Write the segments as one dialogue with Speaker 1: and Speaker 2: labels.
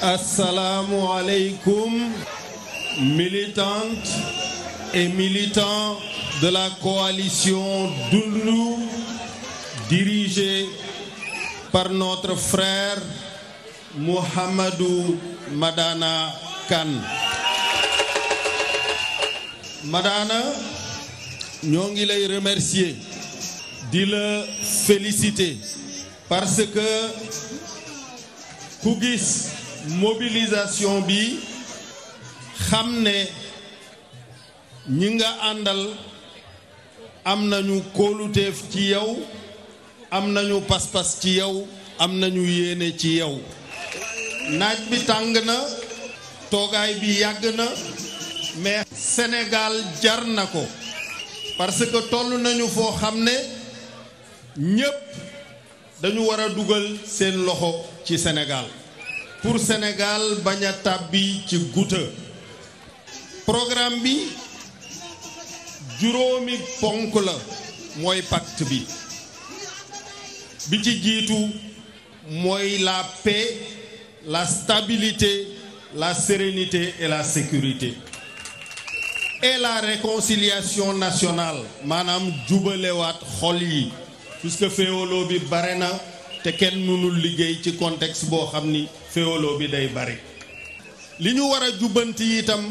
Speaker 1: Assalamu alaikum, militantes et militants de la coalition Dundu, dirigée par notre frère Mohamedou Madana Khan. Madana, ñoo ngi lay remercier di la féliciter parce que ku gis mobilisation bi xam ne ñi nga àndal am nañu kóoluteef ci yow am nañu pas-pas ci yow am nañu yéene ci yow naaj bi tàng na toogaay bi yàgg na mais Sénégal jar na ko parce que toll nañu foo xam ne ñépp dañu war a dugal seen loxo ci Sénégal pour Sénégal bañ a tàbbi ci guta programme bi juróomi ponk la mooy pacte bi bi ci jiitu mooy la paix la stabilité la sérénité et la sécurité et la réconciliation nationale maanaam jubalewaat xol yi puisque féewaloo bi bare na te kenn mënul liggéey ci contex boo xam ni féewaloo bi day bari li ñu war a jubbanti itam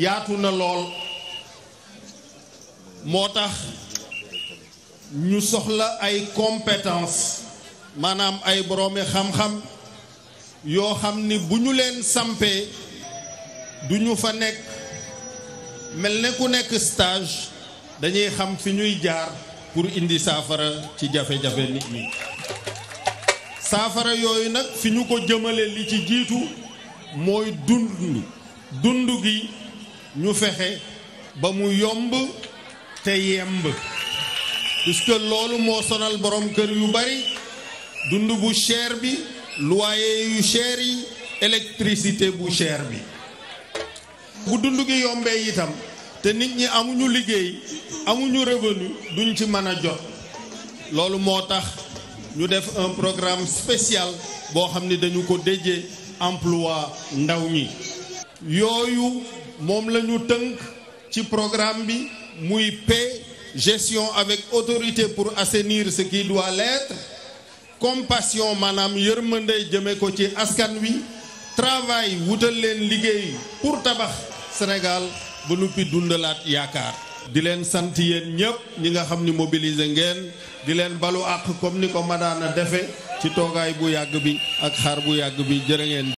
Speaker 1: yaatu na lool moo tax ñu soxla ay compétence maanaam ay boroomi xam-xam yoo xam ni bu ñu leen sampee duñu fa nekk mel ni ku nekk stage dañuy xam fi ñuy jaar pour indi saafara ci jafe-jafe nit ñi saafara yooyu nag fi ñu ko jëmale li ci jiitu mooy dund dund gi ñu fexe ba mu yomb te yemb puisque loolu moo sonal boroom kër yu bari dund bu cher bi loyer yu cher yi électricité bu cher bi bu dund gi yombee itam te nit ñi amuñu liggéey amuñu revenu duñ ci mën a jot loolu moo tax ñu def un programme spécial boo xam ni dañu ko déjee emploi ndaw ñi yooyu moom la ñu tënk ci programme bi muy paix gestion avec autorité pour assenir ce qui doit l'être compassion yër yërmande jëme ko ci askan wi travail wutal leen liggéey pour tabax Sénégal ba nuppi dundalaat yaakaar di leen sant yéen ñëpp ñi nga xam ni mobiliser ngeen di leen balu àq comme ni ko madaana defe ci toogaay bu yàgg bi ak xar bu yàgg bi jërë ngeen